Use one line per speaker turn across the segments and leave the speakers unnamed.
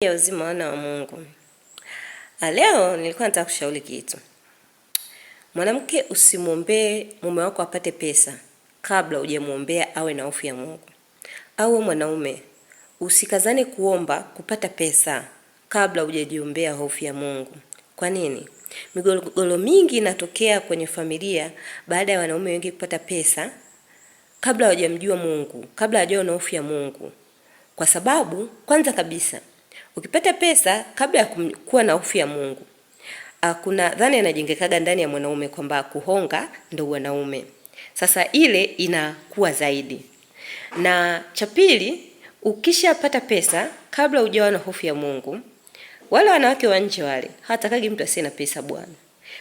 Ya uzima wana wa Mungu. Ah, leo nilikuwa nataka kushauri kitu. Mwanamke, usimwombee mume wako apate pesa kabla hujamwombea awe na hofu ya Mungu. Au mwanaume, usikazane kuomba kupata pesa kabla hujajiombea hofu ya Mungu. Kwa nini? Migogoro mingi inatokea kwenye familia baada ya wanaume wengi kupata pesa kabla hawajamjua Mungu, kabla hawajawa na hofu ya Mungu, kwa sababu kwanza kabisa Ukipata pesa kabla ya kuwa na hofu ya Mungu, ah, kuna dhana inajengekaga ndani ya mwanaume kwamba kuhonga ndo wanaume. Sasa ile inakuwa zaidi. Na cha pili, ukishapata pesa kabla hujawa na hofu ya Mungu, wale wanawake wa nje wale hawatakagi mtu asiye na pesa bwana.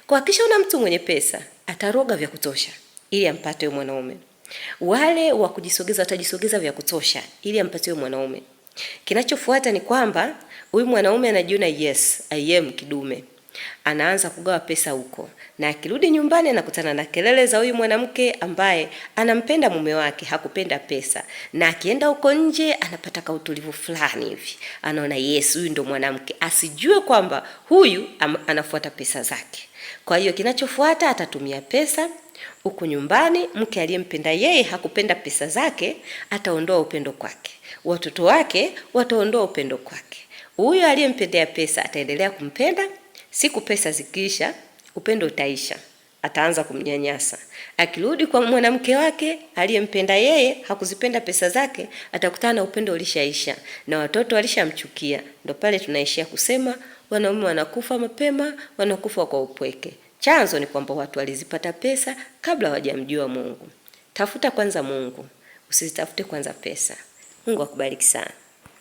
Kwa una mtu mwenye pesa ataroga vya kutosha ili ampate mwanaume. Wale wa kujisogeza watajisogeza vya kutosha ili ampate mwanaume. Kinachofuata ni kwamba huyu mwanaume anajiona yes I am kidume anaanza kugawa pesa huko, na akirudi nyumbani anakutana na kelele za huyu mwanamke ambaye anampenda mume wake, hakupenda pesa. Na akienda huko nje anapata kautulivu fulani hivi, anaona yes, huyu ndo mwanamke, asijue kwamba huyu anafuata pesa zake. Kwa hiyo kinachofuata atatumia pesa huku nyumbani. Mke aliyempenda yeye hakupenda pesa zake, ataondoa upendo kwake. Watoto wake wataondoa upendo kwake. Huyo aliyempendea pesa ataendelea kumpenda Siku pesa zikiisha, upendo utaisha, ataanza kumnyanyasa. Akirudi kwa mwanamke wake aliyempenda yeye, hakuzipenda pesa zake, atakutana na upendo ulishaisha na watoto walishamchukia. Ndo pale tunaishia kusema wanaume wanakufa mapema, wanakufa kwa upweke. Chanzo ni kwamba watu walizipata pesa kabla hawajamjua Mungu. Tafuta kwanza Mungu, usizitafute kwanza pesa. Mungu akubariki sana.